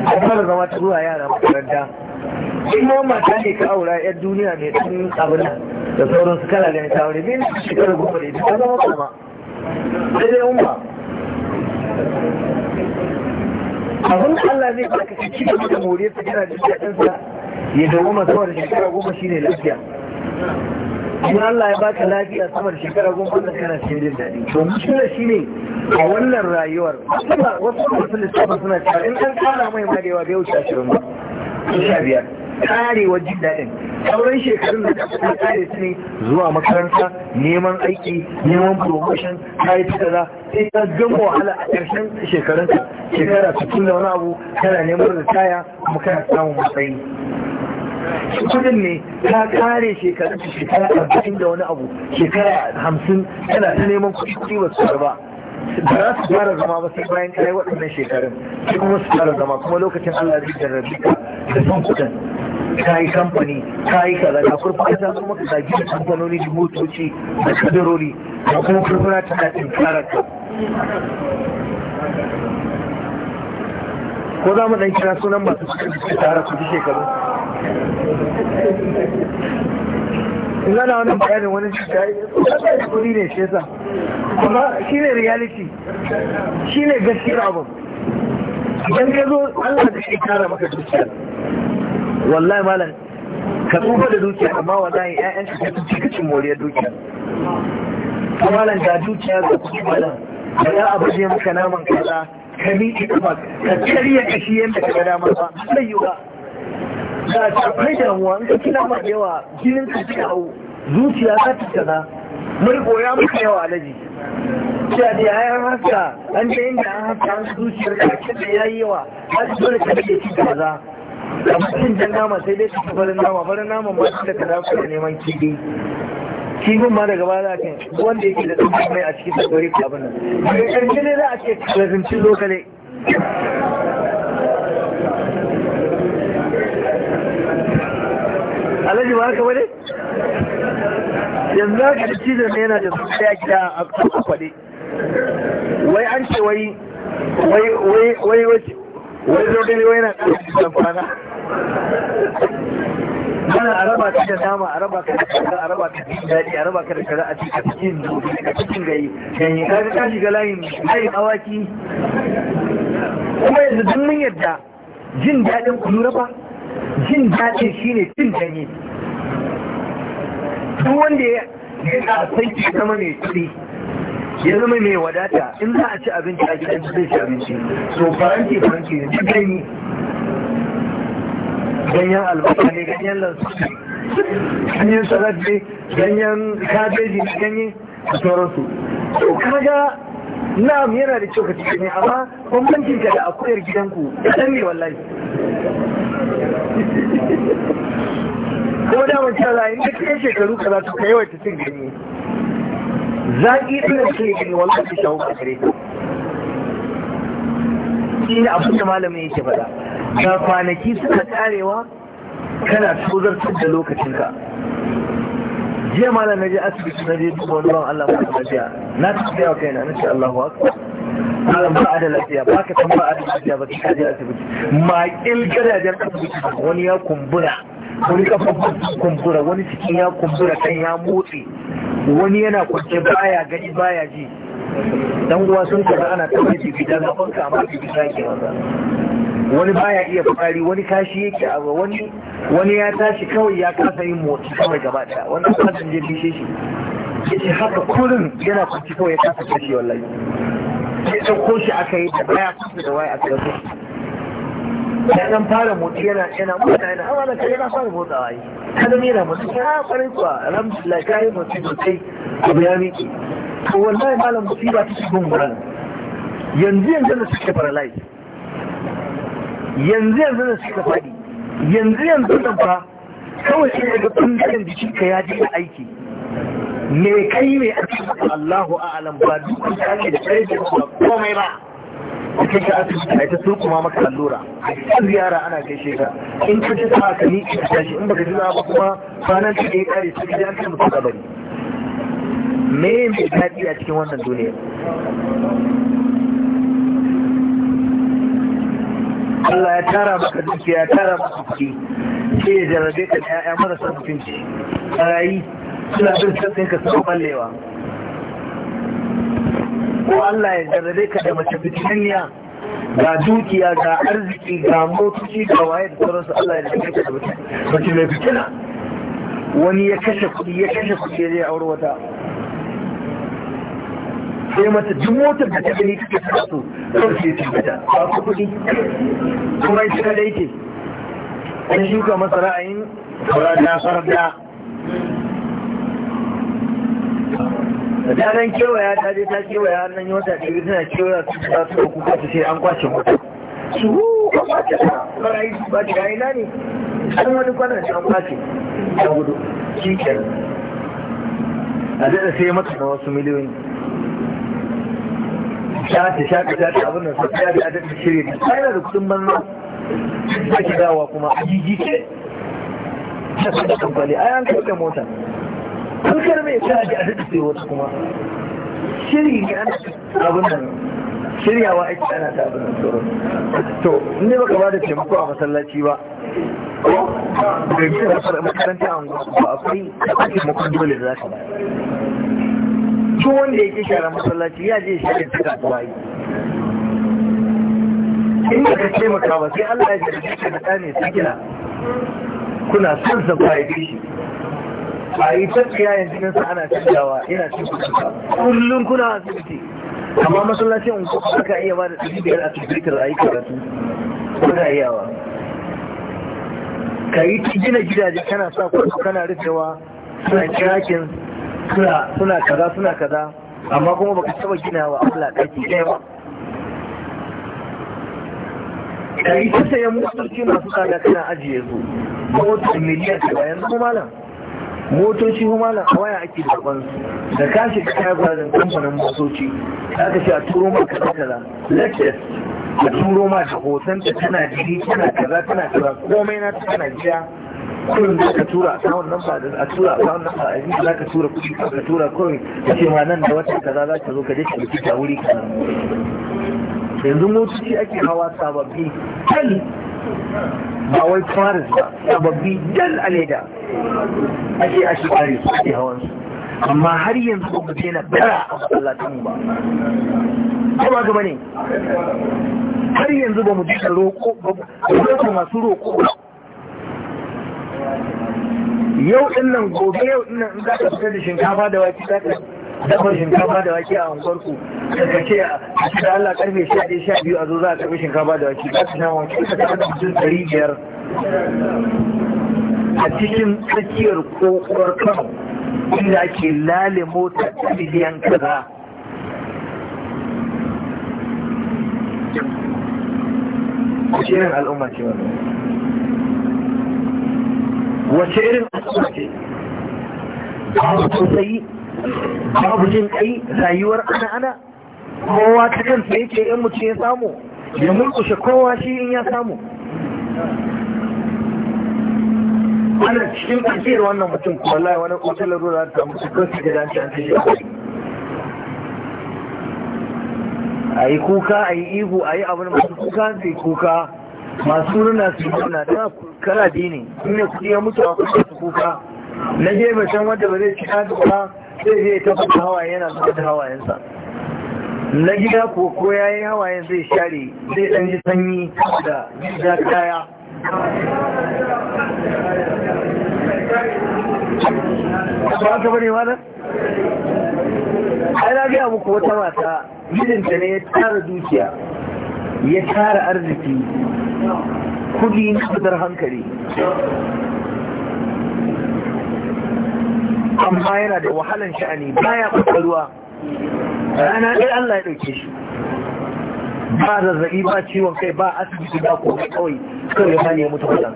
A: a fara zama ta zuwa yara makaranta in ma mata ne ka aura yar duniya mai ɗan abin da sauransu kana ganin ta aure bai na shekara goma da ita ta zama kuma sai dai umma abin da Allah zai baka ka ci gaba da moriyar ta kana jin ya dawoma sama da shekara goma shine lafiya in Allah ya baka lafiya sama da shekara goma wannan kana cikin jin daɗi to mushkila shine a wannan rayuwar wasu masu littafin suna cewa in an kara mai ma da yawa bai wuce ashirin ba sha biyar karewa jin daɗin sauran shekarun da ta kare su ne zuwa makaranta neman aiki neman promotion ta yi fitara sai ta gama wahala a ƙarshen shekarun ta shekara sittin da wani abu tana neman da ritaya kuma kana samun matsayi kudin ne ta kare shekarun ta shekara arba'in da wani abu shekara hamsin tana ta neman kuɗi kuɗi ba su ba da za su fara zama ba sai bayan kai waɗannan shekarun sai kuma su fara zama kuma lokacin Allah zai jarrabi ka da sun kudin ka yi kamfani ka yi kaza ka kurfa ta kuma ka zagi da kamfanoni da motoci da kadarori da kuma kurfuna ta katin karar ka ko za mu ɗan kira sunan masu cikin tara su shekaru in gana wani bayanin wani cuta ya kuri ne shi yasa amma shi ne reality shi ne gaskiyar abin idan ka zo Allah da shi kara maka dukiya wallahi malam ka tsufa da dukiya amma wallahi ƴaƴan ka tsufa ka cin moriyar dukiya to malam ga dukiya ga kuɗi malam ba za a baje maka naman kaza ka miƙe kafa ka karya kashi yadda ka ga dama ba zai yi ba
B: da mai
A: damuwa in ka kina ma yawa jinin ka zai hau zuciya ta ta kaza mai goya maka yawa alaji cewa da ya yi haka an da inda an haska an zuciyar da ake da ya yi yawa har dole ka ke ci kaza a cin jan nama sai dai ka farin nama farin nama ma su da kaza ku da neman kiɗi kifin ma daga baya kan wanda yake da tsohon mai a cikin tsakori abin nan daga ƙarshe ne za a ce kalazincin lokale alaji ba haka bane yanzu za ka ci da yana da su a gida a kwaɗe wai an ce wai wai wai wai wai wai zo gani wai na ɗan kwana kana a raba ka da dama, a raba ka da kaza a raba ka da daɗi a raba ka da kaza a cikin cikin a cikin gayi yayin ka ka shiga layin layin awaki kuma yanzu duk mun yadda jin daɗin ku raba jin daɗin shi ne cin gani, duk wanda ya yana son ki zama mai kuɗi ya zama mai wadata in za a ci abinci a gidan zai ci abinci to faranti faranti ne jin ganye ganyen albasa ne ganyen lansu ganyen salad ne ganyen kabeji ne ganyen sauransu so kaga na'am yana da kyau ka cikin ne, amma bambancin ka da akwai gidanku ya san ne wallahi kuma da mace za in duk ɗan shekaru ka za ta ka yawaita cin ganye za ki da ke gani wallahi ta shawo ka kare shi ne abin da malamin yake faɗa ka kwanaki suka karewa kana tozartar da lokacinka jiya malam na je asibiti na je duba wani ruwan Allah ta jiya na tafiya wa kaina na ce wa ka
B: malam ba a da lafiya ba ka tamba a da
A: lafiya ba ka je asibiti ma kilgarajen asibiti wani ya kumbura wani kafafun kumbura wani cikin ya kumbura kan ya motsi wani yana kwance baya gani baya ji dan uwa sun kaza ana tafiya gidan ka amma ki ta ke wanda wani baya iya fitsari wani kashi yake a wani wani ya tashi kawai ya kasa yin motsi kawai gaba daya wani kasan je bishe shi yace haka kurin yana kwanci kawai ya kasa kashi wallahi sai ɗauko shi aka yi da baya kusa da waya a ɗauko ya dan fara motsi yana yana motsa yana amma da kai yana fara motsawa yi kada ne da motsi ya fara ah, kuwa alhamdulillah kai yi motsi sosai abu ya miƙe to wallahi malam musiba ta cikin gungura yanzu yanzu da suke paralyze yanzu yanzu da suka faɗi yanzu yanzu da ba kawai shi daga ɓangaren ka ya ji aiki me kai ne a cikin Allahu a'alam ba dukkan ta ake da kai da komai ba ake ka asibiti a ita sun kuma maka allura a ziyara ana kai shekar in ka ji ta ka ni ka tashi in baka ji za ba kuma kwanan ka yi kare su gidan ka mutu kabari me mai daɗi a cikin wannan duniya Allah ya tara maka dukiya ya tara maka kuɗi Ke ya jarrabe ka da ƴaƴa marasa mutunci a rayi
B: suna bin san ka sun ballewa
A: ko Allah ya jarrabe ka da mace fitinanniya ga dukiya ga arziki ga motoci ga waye da sauransu Allah ya jarrabe ka da mace mai fitina wani ya kashe kuɗi ya kashe kuɗi ya zai aure wata sai mata duk motar da ta gani take ta so kawai sai ta mata ba ku kuɗi kuma shi kada yake an shuka masa ra'ayin farada farada da nan kewaya ta je ta kewaya nan yi wata ɗari tana kewaya su ta su da kuka su sai an kwace mota su an kwace ta barayi su ba ta ina ne an wani kwanan da an kwace ta gudu shi kenan a daɗa sai mata na wasu miliyoyi
B: ta ta shaƙa ta ta
A: abin nan sai ta da adadin shirye ne sai da kudin banza ke dawa kuma a gigice ta da kamfani ai an kai mota
B: kun karme ta da
A: adadin sai wata kuma shiri ne ana abin nan shiryawa ake ana ta abin nan tsoron to in ne baka bada taimako a masallaci ba
B: da yi makaranta a unguwa ba akwai makon
A: dole da za ka ba duk wanda yake share masallaci ya je share ta kasuwa yi in da ka taimaka ba sai Allah ya jirgi ka da ne su gina kuna son sa ba ya shi ba yi tafiya yanzu nan sa ana canjawa ina cin kuka kullum kuna asibiti amma masallacin in kuka aka iya ba da ɗari biyar a tabbitar a yi karatu kuna iyawa ka yi ta gina gidaje kana sa kwato kana rufewa suna kirakin suna kaza suna kaza amma kuma baka taba gina wa Allah ɗaki ɗaya ba da yi sai ya motoci masu tsada kana ajiye su motoci miliyan ce bayan su malam motoci ko malam a waya ake da daban da ka ta kaya gudanar kamfanin motoci za ka ce a turo ma kaza kaza latest a turo ma da hoton ta tana jiri tana kaza tana kaza komai na tana jiya kullum da ka tura a wannan ba a tura a wannan ba a za ka tura kuɗi ka tura kawai ka ce ma nan da wata kaza za ka zo ka je ka biki ta wuri ka yanzu motoci ake hawa sababbi kan ba wai faris ba sababbi dal a leda ake a shekari ake hawan su amma har yanzu ba ce na bara a matsalatin ba kuma gaba ne har yanzu ba mu ji roƙo ba mu masu roƙo ba yau din nan gobe yau din nan za ka fita da shinkafa da wake za ka dafa shinkafa da wake a unguwarku daga ce a cikin Allah karfe sha ɗaya sha biyu a zo za a karɓi shinkafa da wake za ka sha wake ka taɓa da mutum ɗari biyar a cikin tsakiyar kokowar kano inda ake lale mota ta miliyan kaza shirin al'umma ce wani wace irin al'umma ce babu sosai, babu jin kai rayuwar ana ana kowa ta kansa yake yan mutum ya samu ya mulkushe kowa shi in ya samu ana cikin ajiyar wannan mutum wallahi wani wata larura ta mutu kan su gidan ta ce a yi kuka a yi ihu a yi abin masu kuka sai kuka masu runa su yi runa da kara dini in ne kudi ya mutu a kusa su kuka na jefa can wadda ba zai cika da kuma zai zai tafi da hawaye yana zuwa da hawayensa na gida ko ko ya yi hawayen zai share zai dan ji sanyi
B: da gida kaya
A: ba ka bane ma ai na gaya muku wata mata gidanta ne ya tara dukiya ya tara arziki kudi na fitar hankali amma yana da wahalan sha'ani baya kwakwalwa rana ɗaya Allah ya ɗauke shi ba zazzaɓi ba ciwon kai ba asibiti ba kuma kawai kan ya hanyar mutu kudan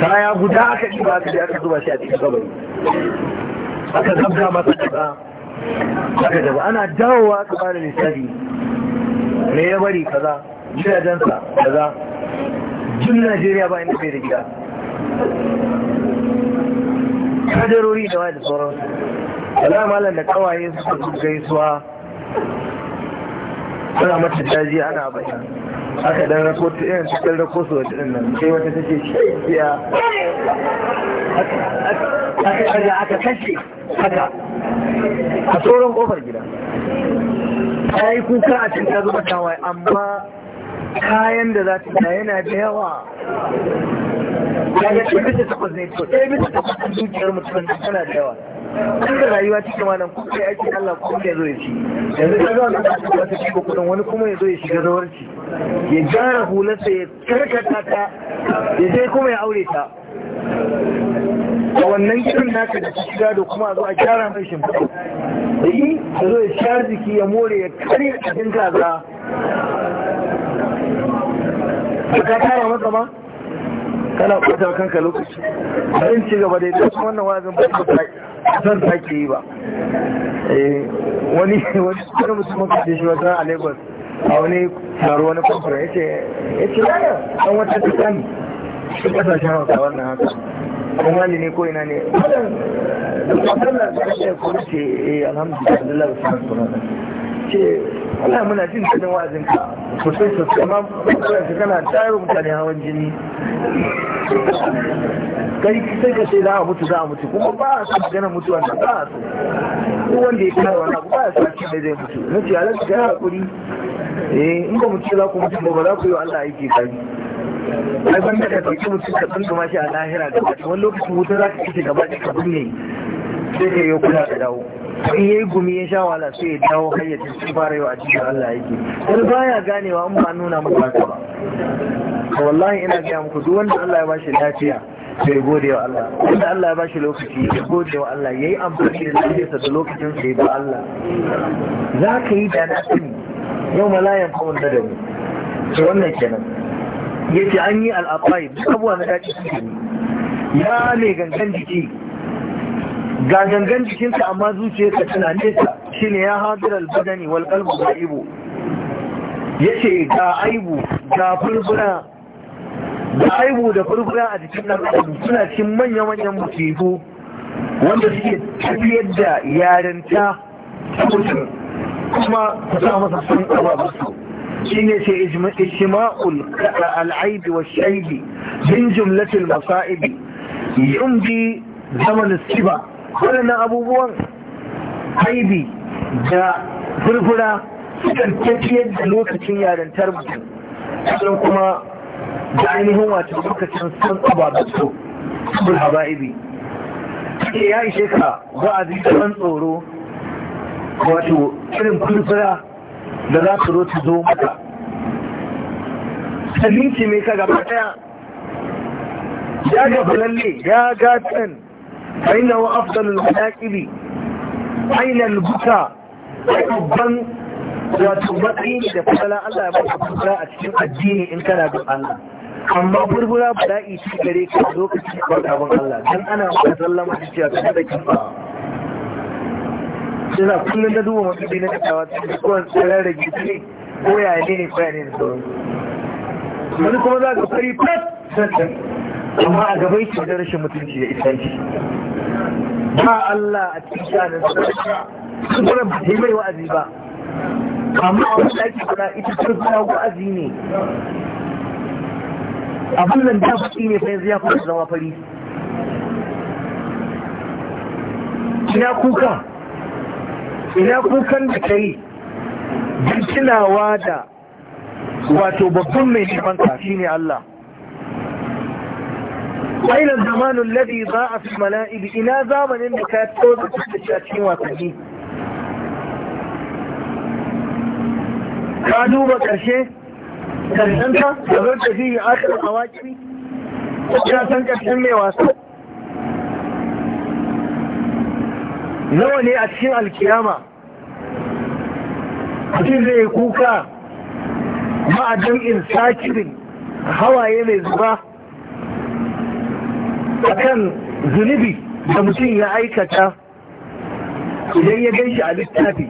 A: kaya guda aka ci ba aka aka zuba shi a cikin gabari aka zabga masa kaza aka gaba ana dawowa aka da misali me ya bari kaza gidajensa kaza jin najeriya ba inda bai da gida kadarori da wani da sauran alamalan da kawaye suka gaisuwa suna mata daji ana bayan aka dan rako ta irin cikin rako su wata ɗin nan sai wata ta ce shaiya
B: aka kaga aka kashe haka
A: a sauran kofar gida ta yi kuka a cikin ta zuba kawai amma kayan da za ta da yana da yawa kaga ɗaya bisa takwas ne to ɗaya bisa takwas a dukiyar mutum tana da yawa tun da rayuwa ta kama nan kuma sai aikin Allah kuma ya zo ya ci yanzu ta zuwa ta ci wata ci kuɗin wani kuma ya zo ya shiga zawarci ya gyara hularsa ya karkata ta ya je kuma ya aure ta a wannan gidan naka da shiga da kuma a zo a gyara mai shimfiɗa da yi ya zo ya shar jiki ya more ya karya cikin kaza ba ka kama masa ba kana kwatar kanka lokaci bayan ci gaba da ita wannan wazin ba san sake yi ba eh, wani wani mutum da shi wata a lagos a wani taro wani kwamfura ya ce ya ce yana ɗan wata tutani su kasashen hausa wannan haka kuma ne ne ko ina ne wannan da kwatar da ya ce eh, alhamdulillah da lalata ce wala muna jin tsanin wa'azin ka sosai sosai amma kuma shi kana tayar mutane hawan jini kai sai ka sai za a mutu za a mutu kuma ba a san maganar mutuwa da ba a so Ko wanda ya kai wani abu ba a san cewa zai mutu na ce halar ga yi hakuri eh in ba mutu za ku mutu ba za ku yi Allah aiki kai ai ban da ka ɗauki mutum ka tsunduma shi a lahira da wani lokacin wuta za ka kace gaba da ka binne sai ka yi kula da dawo in yayi gumi ya sha wala sai ya dawo hayyacin sun fara yau a cikin Allah yake wani baya ganewa in ba nuna muku haka ba to wallahi ina gaya muku duk wanda Allah ya bashi lafiya sai gode wa Allah wanda Allah ya bashi lokaci ya gode wa Allah yayi amfani da lafiyarsa da lokacin sa ya ba Allah za ka yi da na sani yau malayan wanda da mu to wannan kenan yace an yi al'aqaib duk abuwa na dace suke ya ne gangan jiki ga gangan jikinta amma zuciyarka tana nesa shine ya hadir albadani wal qalbu da'ibu yace ga aibu ga furfura da aibu da furfura a jikin nan suna cikin manya-manyan musibu wanda suke tafiyar da yarinta kuma ku sa masa sun ababu su shine ce ijma'ul al'aibi wa shaibi min jumlatul masa'ibi yumbi zaman sibah waɗannan abubuwan haibi da furfura sukan tafiyar da lokacin yarantar mutum sannan kuma da ainihin wato lokacin so ababatsu abul ibi take ya ishe ka a da ɗan tsoro wato irin furfura da za su zo ta zo maka sannin ce mai ka gaba ɗaya ya gaba lalle ya gatan فإنه أفضل المناكب أين البكاء حبا وتبقين يقول الله يبقى الدين إن كان دعا amma burbura ba da isi gare ka lokacin kwanta Allah don ana ba sallama da cewa ta da kifa sai kullum da duba mafi na katawa ta da kowane da ko ya ne kwaya ne da sauran wani kuma za ka fari fat sannan amma a gabai ce da rashin mutunci da isanci ba Allah a cikin shanin kuma ba yi mai wa'azi ba amma abin da ake fara ita turkuna wa'azi ne abin nan da faɗi ne fa yanzu ya fara zama fari ina kuka ina kukan da ka yi don tunawa da wato babban mai neman ka shine Allah أين الزمان الذي ضاع في الملائب إلى زمن إنك تود تشتشاتين وتجين قالوا بكرشي كرشنك قبلت فيه آخر قواجبي كرشنك تسمي واسط nawa ne a cikin alkiyama mutum zai kuka ma'adin insakirin hawaye mai zuba akan zunubi da mutum ya aikata idan ya gan shi a littafi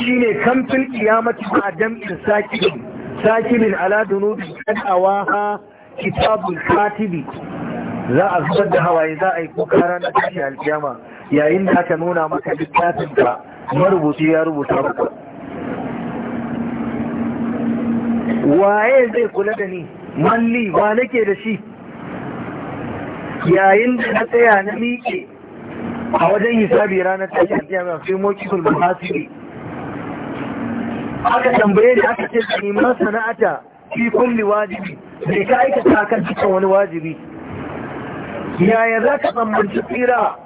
A: shine kamfin kiyamati ba dam'in sakinin sakinin ala dunubi kan awaha Kitabun katibi za a zubar da hawaye za a yi kuka ranar tashi alkiyama yayin da aka nuna maka littafin ka marubuci ya rubuta maka waye zai kula da ni malli wa nake da shi yayin da na tsaya na miƙe a wajen hisabi ranar tashin kiyama sai moki sul mahasibi aka tambaye da aka ce ni ma sana'ata fi kulli wajibi bai ka aikata kan cikin wani wajibi yaya za ka tsammanci tsira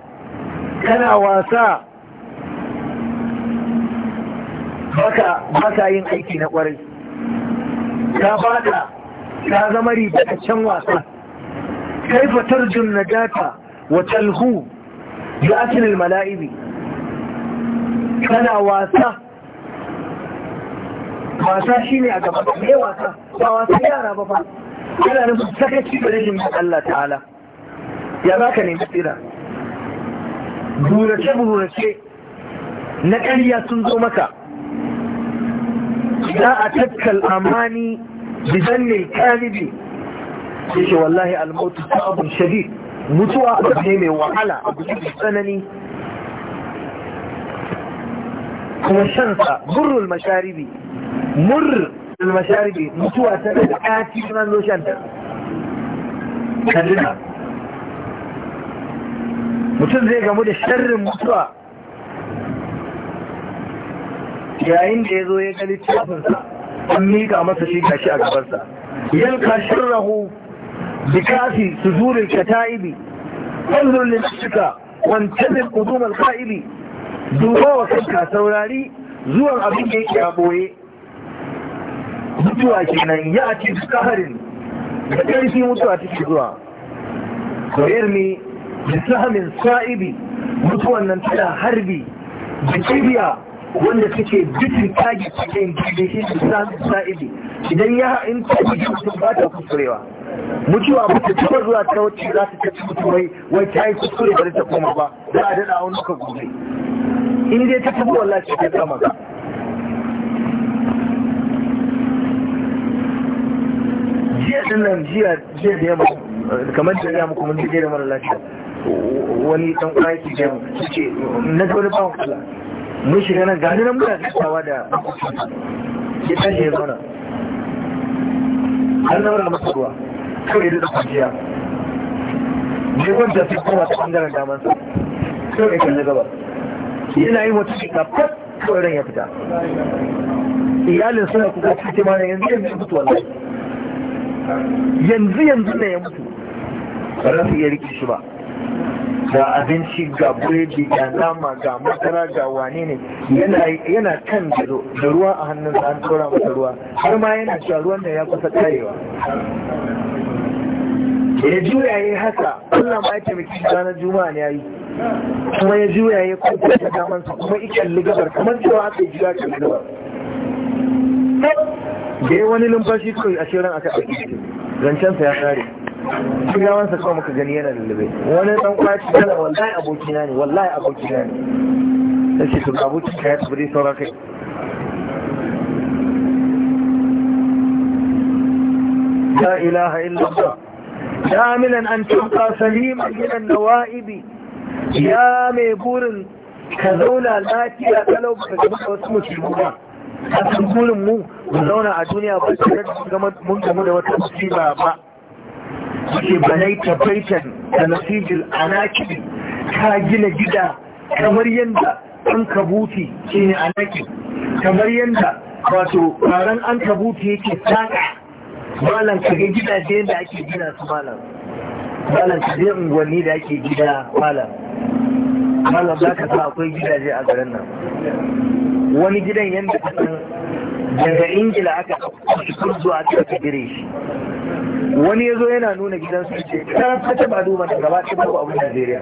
A: kana wasa baka yin aiki na kwarai
B: ka bada
A: ka zama riba can wasa كيف ترجو النجاة وتلهو بأكل الملائب كان واسا واسا شيني أقبل ايه واسا واسا يا ربا كان أنا مستكت في برجم الله تعالى يا باك نمسيرا burace burace na ƙarya sun zo maka za a takkal amani bizan ne kalibi yake wallahi almautu abu shadid mutuwa abu ne mai wahala abu ne mai tsanani kuma shansa murrul masharibi murrul masharibi mutuwa ta da ƙaci suna zo shanta kallina mutum zai gamu da sharrin mutuwa yayin da ya zo ya gani tafinsa an mika masa shi gashi a gabansa yalka shirrahu بكاف سجور الكتائب انظر لنفسك وانتظر قدوم الخائب saurari, zuwan سوراري زوان أبيك يا أبوي mutuwa kenan ya ci kaharin da ƙarfi mutuwa take zuwa koyar ne da sahamin sa'ibi mutuwan nan tana harbi da wanda suke bitin tagi cikin gidi su sa'idi idan ya in tagi mutum ba ta kusurewa mutuwa ba ta taba zuwa ta wacce za ta tafi mutumai wai ta yi kusure ba ta koma ba za a daɗa wani ka gobe in dai ta tafi lafi ta kama ka jiya din nan jiya jiya da yamma kamar da ya muku mun jiya da mara lafiya wani dan kwaki jiya ce na zo Wani ba mu kula mun shiga nan gani nan muna tattawa da ya da ya zauna an zauna masu ruwa kawai da kwanciya ne wanda su kuma ta ɓangaren su kawai ya na gaba ina yi wata shiga fat kawai ran ya fita iyalin suna kuka cikin mana yanzu yanzu ya mutu wallahi yanzu yanzu ne ya mutu ba za su iya rikishi ba ga abinci ga buredi ga nama ga masara ga wane ne yana kan da ruwa a hannunsa an tsora masa ruwa har ma yana cewa ruwan da ya kusa karewa ya juya ya haka Allah ma ya taimaki ranar juma'a ne yayi kuma ya juya ya kwanta da su, kuma ikalli gabar kamar cewa aka yi juya kalli gabar da ya wani numfashi kawai a shirin aka aiki zancensa ya kare shi gawansa kawai muka gani yana lullube wani dan kwaci kana wallahi abokina ne wallahi abokina ne sai to abokin ka ya tafi dai sauran kai لا إله إلا الله كاملا أن تبقى سليما من النوائب يا ميبور كذولا لا تيا كلو بكبك واسمو تشبوها أسنقول مو وزونا الدنيا بكبك من جمد وتمسيبها ba.
B: yake banaita baitan
A: da nasijil anaki ka gina gida kamar yadda an kabuti shi ne anaki kamar yadda wato taron an kabuti yake taka malam ka ga gidaje da ake gina su malam malam ka zai unguwanni da ake gida malam malam za ka sa akwai gidaje a garin nan wani gidan yadda ka san daga ingila aka kusur zuwa aka kagire shi wani ya zo yana nuna su ce ta ta ba duba da gaba ta babu abin najeriya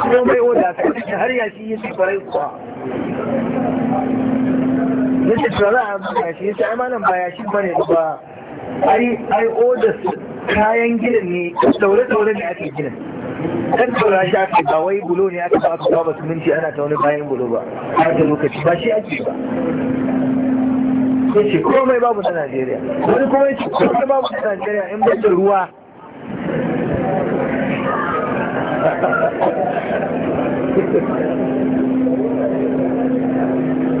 A: ko bai oda ta ce har ya ya yin farai kuwa nace to za a ba shi yace ai baya ba yashi bane ba ai ai oda kayan gidan ne daure daure ne ake gidan kan daura shi ake ba wai bulo ne aka ba su ba su minti ana ta wani bayan bulo ba har lokaci ba shi ake ba ce komai babu na Najeriya wani kuma ce komai babu na Najeriya in ba da ruwa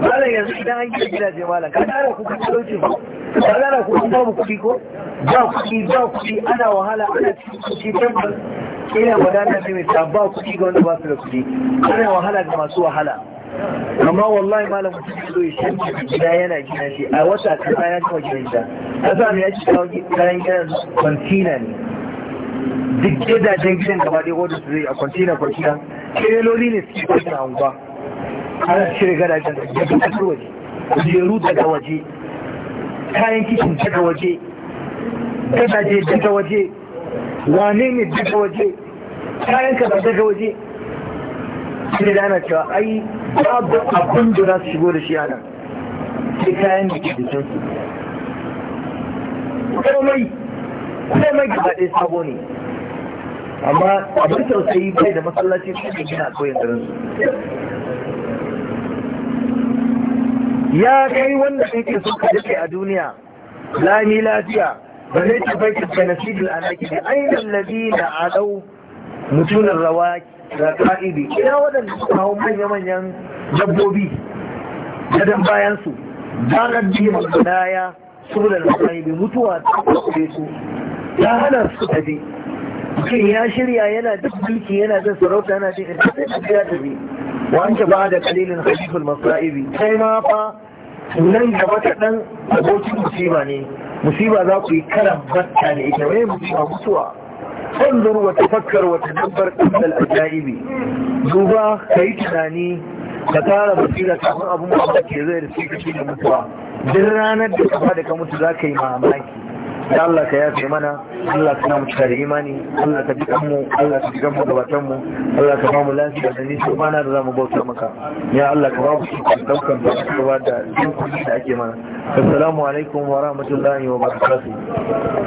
B: malam yanzu idan an gina gidaje malam ka tara kuka kuɗi
A: ba, ku ka tara kuka kuma babu kuɗi ko ba kuɗi ba kuɗi ana wahala ana cikin kuɗi tabbas ina gudanar ne mai ta ba kuɗi ga wanda ba su da kuɗi ana wahala ga masu wahala amma wallahi malam mutum ya zo ya shi gida yana gina shi a wata kasa ya gama gina gida A ne ya ci kawo kayan gidan kwantina ne duk gidajen gidan gaba ɗaya wadda su zai a kwantina kwantina keloli ne suke kwanci a unguwa ana shirya gadajen da ya ta kasar waje kujeru daga waje kayan kicin daga waje gadaje daga waje wane ne daga waje kayan kaza daga waje sai da ana cewa ai babu abin da za su shigo da shi a nan sai kayan da ke jikin su komai komai gaba ɗaya sabo ne amma abin tausayi bai da masallaci su ne gina koyin garin su ya kai wanda kake so ka dace a duniya lami lafiya ba zai tabbata da nasibul anaki da ainihin ladina adau mutunan rawaki da ka'idi ina waɗanda kawo manya-manyan dabbobi dan bayansu zanar biyan banaya subulan sahibi mutuwa ta kwakwale su ta hana su tafi kai ya shirya yana da duki yana da sarauta yana da intanet ya tafi wanda ba da kalilin hadithul masa'ibi sai ma fa nan gaba ta dan abokin musiba ne musiba za ku yi karan batta da ita musiba mutuwa انظر وتفكر وتدبر قبل الأجائب دوبا كيتناني كتارة بسيرة كفن أبو محمد كذير سيكا شيء da درانا بكفا دكا متذاك إمام مايكي da Allah ka yafe mana Allah ka namu da imani Allah ka jikan mu Allah ka jikan mu da watan mu Allah ka bamu lafiya da nisa bana da zamu bauta maka ya Allah ka bamu shi daukan da ba da dukkan da ake mana assalamu alaikum wa rahmatullahi wa barakatuh